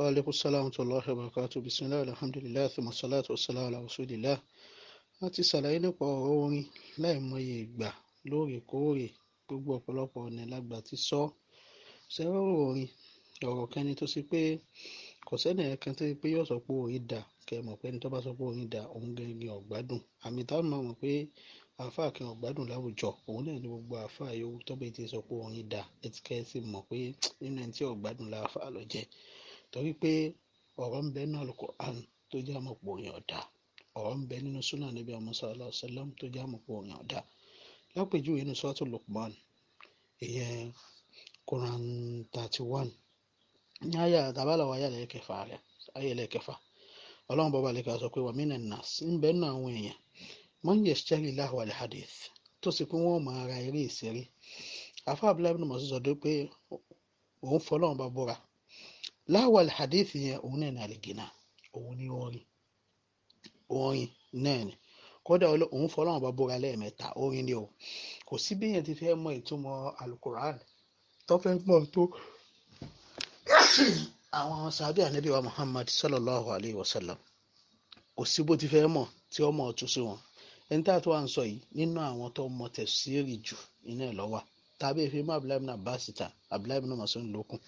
wàhálẹ́kùn sálàmù tó lọ́ọ́ ẹ̀bùrọ̀kátù bisimilá alhamdulilá àtìmọ̀ sálàtù sálàmù rasulilá a ti ṣàlàyé nípa ọ̀rọ̀ orin láìmọye ìgbà lóòrèkóòrè gbogbo ọ̀pọ̀lọpọ̀ ọ̀nà lágbà ti sọ ṣẹ́rọ̀ orin ọ̀rọ̀ kan ni tó sì pé kò sẹ́nì kan tó pé yóò sọ pé orin dà kẹmọ̀ pé ẹni tó bá sọ pé orin dà òun gẹ́gẹ́ ọ̀gbádùn àmì táwọn mọ̀ pé àáfàá kan ọ̀gbádùn láwùjọ òun náà ni gbogbo àáfàá yòówù tó bẹ́ẹ̀ ti sọ pé orin dà ẹtìkẹ́ sì mọ̀ pé nínú ẹni tí ọ̀gbádùn láàfàá lọ jẹ́ torí pé ọ̀rọ̀ ń bẹ nínú Al-Qur'an tó jẹ́ àmọ́ pò yàn ọ̀dà ọ̀rọ̀ ń bẹ nínú súnà níbi àmọ́sá aláṣẹlẹ́m tó jẹ́ àmọ́ pò yàn ọ̀dà lápèjúwe inú sọ́tò Luqman ìyẹn Quran thirty one ní àyà àtàbálàwọ̀ àyà lẹ́ẹ̀kẹfà rẹ̀ àyà lẹ́ẹ̀kẹfà ọlọ́run bọ́ba lè ka sọ pé wà mí nàá nàásì ń bẹ nínú àwọn èèyàn man yashtari lahwa al-hadith tó sì pé wọ́n máa ra eré ìṣeré àfa abdullahi bin masu sọ pé òun fọlọ́run bá búra láwàl hadith yẹn òun náà ní àlìgínà òun ní orin orin náà ni kódà òun fọlọ́run bá bóra lẹ́ẹ̀mẹ́ta orin ni o kò sí bí yẹn ti fẹ́ mọ ìtumọ̀ alukoran tó fẹ́ mọ̀ tó àwọn sàbí ànábì wa Muhammad sallallahu alayhi wa sallam kò sí bó ti fẹ́ mọ̀ tí ó ọ̀tún sí wọn ẹni tá a tó wà ń sọ yìí nínú àwọn tó mọ̀ tẹ̀síìrì jù iná ẹ̀ lọ́wọ́ tàbí ìfimọ́ abdullahi ibn abbas ta abdullahi ibn mas'ud lókun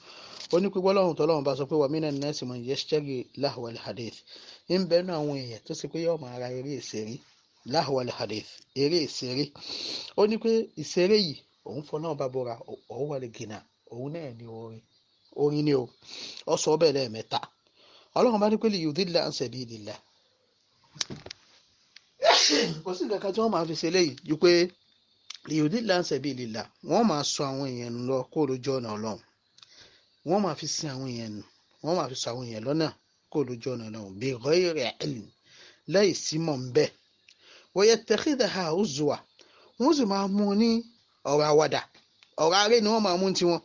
ó ní pípọ́ lọ́hùn tó lọ́hùn bá sọ pé wà hadith ń bẹ́ẹ̀ àwọn èèyàn tó pé máa ra eré ìṣeré hadith eré ìṣeré ó ní pé ìṣeré yìí òun fọ náà bá bọ́ra òun wà lè gìnà òun náà ní orin orin ni lèyòdì láǹṣẹ̀bí ìlìlà wọ́n máa sọ àwọn èèyàn lọ kó lójú ọ̀nà ọlọ́run wọ́n máa fi sin àwọn èèyàn wọ́n máa fi sọ àwọn èèyàn lọ́nà kó lójú ọ̀nà ọlọ́run bí rẹ́ẹ̀rẹ̀ ẹ̀lì láì sí mọ̀ ń bẹ́ẹ̀ wọ́yẹ tẹ̀kídà ha ó zùwà wọ́n sì máa mú un ní ọ̀rọ̀ àwàdà ọ̀rọ̀ aré ni wọ́n máa mú tiwọn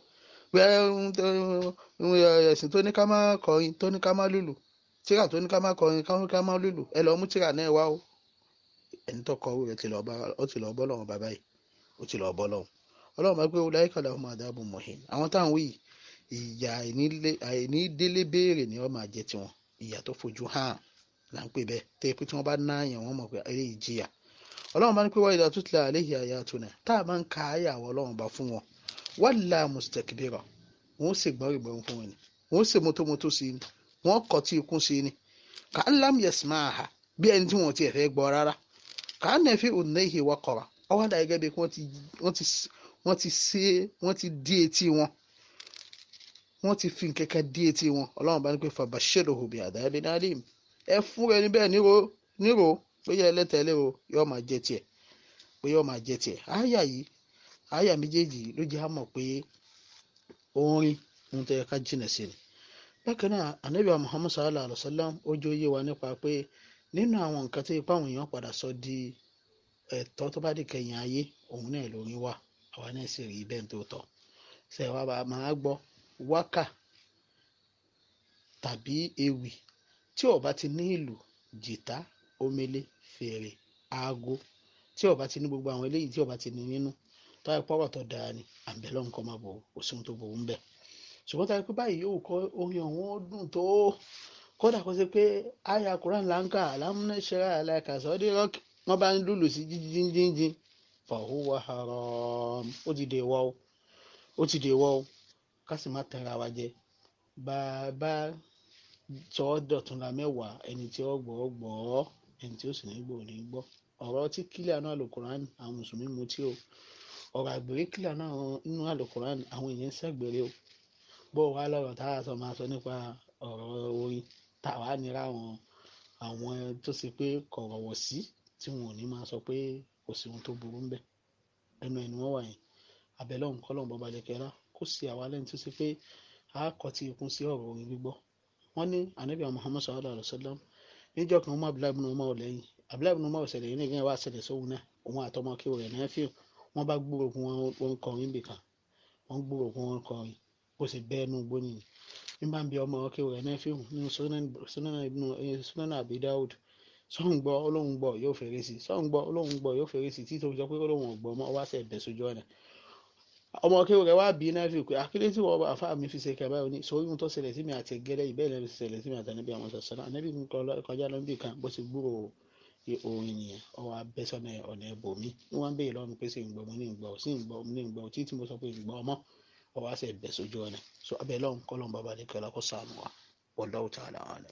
ẹ̀sìn tó ní ká má kọrin tó ní ká má lùlù tíra tó ní ká má kọrin ká má lùlù ẹ lọ mú tíra náà wá o ẹni tó kọ owó rẹ ti lọ bọ́ lọ́wọ́ bàbá yìí ó ti lọ bọ́ lọ́hùn ọlọ́run bá pé ó láyé kàlà ọmọ àdáàbò mọ̀hìn àwọn táwọn wí ìyà àìnídélé béèrè ni wọ́n máa jẹ tiwọn ìyà tó fojú hàn là ń pè bẹ́ẹ̀ tẹ́ pé tí wọ́n bá ná àyàn wọn mọ̀ pé eré ìjìyà ọlọ́run bá ní pé wáyé dàtú tilẹ̀ àléhì àyà tó nà tá a máa ń ka àyà wọ ọlọ́run bá fún wọn wàlá mustakbira wọn ó sì gbọ́n ìgbọ́n fún wọn ni wọn ó sì mọ́tòmọ́tò sí ni wọn kọ̀ tí ikún sí ni kà á lam yasmaha bí ẹni tí wọn ti ẹ̀ fẹ́ gbọ́ rárá kà á nẹ́fẹ́ ònà ìhè wá ọwọ́ àdá gẹ́gẹ́ bí wọ́n ti wọ́n ti wọ́n ti ṣe wọ́n ti dí etí wọn wọ́n ti fi nkankan dí etí wọn ọlọ́run bá ní pé fabashiruhu bi adhabin alim ẹ fún ẹni bẹ́ẹ̀ níro níro pé yẹ ẹlẹ́tẹ̀ẹ́lẹ́ o yọ máa jẹ tiẹ̀ pé yọ máa jẹ tiẹ̀ àyà yìí àyà méjèèjì ló jẹ́ àmọ̀ pé orin ohun tó yẹ ká jìnà sí ni bákan náà anabi muhammad sallallahu alaihi wa sallam ó jẹ́ òye wa nípa pé nínú àwọn nǹkan tó yẹ pé àwọn èèyàn padà sọ di ẹ̀tọ́ tó bá di kẹyìn ayé òun náà lórin wà àwa náà sì rí bẹ́ẹ̀ tó tọ́ ṣe wá bá máa gbọ́ wákà tàbí ewì tí ó bá ti ní ìlú jìtá omele fèrè aago tí ó ti ní gbogbo àwọn eléyìí tí ó ti ní nínú táyà pọ́rọ̀ tó dáa ni àǹbẹ̀lọ́ nǹkan máa bò ó sóhun tó bò ó ń bẹ̀ ṣùgbọ́n táyà pé báyìí yóò kọ́ orin ọ̀hún ó dùn tó kódà kó ṣe pé àyà kúrán là ń kà lámúnáṣẹ́ra àlàkà sọ́dí rọ́ọ̀kì wọ́n bá ń lùlù sí jíjínjínjín fàhùwà haram ó ti dè wọ́ ó ti dè wọ́ ká sì má tẹ̀ra wa jẹ bàbá tọ́ dọ̀tún la mẹ́wàá ẹni tí ó gbọ́ gbọ́ ẹni tí ó sì ní gbọ́ ní gbọ́ ọ̀rọ̀ tí kílíà náà alukuran àwọn mùsùlùmí mu tí o ọ̀rọ̀ àgbèrè kílíà náà inú alukuran àwọn èèyàn ń o bó wa lọ́rọ̀ tá a sọ máa sọ nípa ọ̀rọ̀ orin tàwa nira àwọn àwọn tó ṣe pé kọ̀rọ̀wọ̀ sí tí wọn ò ní máa sọ pé kò sí ohun tó burú ń bẹ ẹnu ẹni wọn wà yẹn abẹ́lẹ́ òun kọ́lọ́hún bọ́ba jẹ́kẹ́lá kò sí àwa lẹ́yìn tó ṣe pé a kọ́ ti ikún sí ọ̀rọ̀ orin gbígbọ́ wọ́n ní anabi muhammad sallallahu alayhi wa sallam níjọ́ kan ọmọ abdullahi ibn umar lẹ́yìn abdullahi ibn umar ṣẹlẹ̀ yìí nìkan wá ṣẹlẹ̀ sóhun náà òun àtọmọ kí rẹ̀ náà fi wọ́n bá gbúrògùn wọn kọrin bìkan wọ́n gbúrògùn wọn kọrin bó ṣe bẹ́ẹ̀ nù gbóni ní bá ọmọ kí rẹ̀ náà fi hùn nínú eh, sunan abi dawud sọ̀hún gbọ́ ọlọ́hun gbọ́ yóò fèrè sí sọ̀hún gbọ́ ọlọ́hun gbọ́ yóò fèrè sí tí tó fi sọ pé ọlọ́hun ọ̀gbọ́ ọmọ wá sẹ̀ bẹ̀ sójú ọ̀nà ọmọ kéwò rẹ wá bí náà fi pé akílé ah, tí wọn bá fà mí fi ṣe kẹbà òní sọ yóò tó ṣẹlẹ̀ sí mi àti gẹ́lẹ́ ìbẹ́ẹ̀ lẹ́nu ṣẹlẹ̀ sí mi àti ànábì àwọn sọ̀sọ́nà ànábì kọjá lọ́nbì kan bó ti gbúrò ohun ènìyàn ọwọ́ abẹ́sọ̀nà ọ̀nà ẹ̀bọ̀ mi ní wọ́n ń béèrè lọ́wọ́ pé sí ń gbọ́ mo ní gbọ́ sí gbọ́ mo ní ń gbọ́ títí mo sọ pé gbọ́ ọmọ ọwọ́ àṣẹ ìbẹ̀sọ̀jọ́ ọ̀nà so abẹ́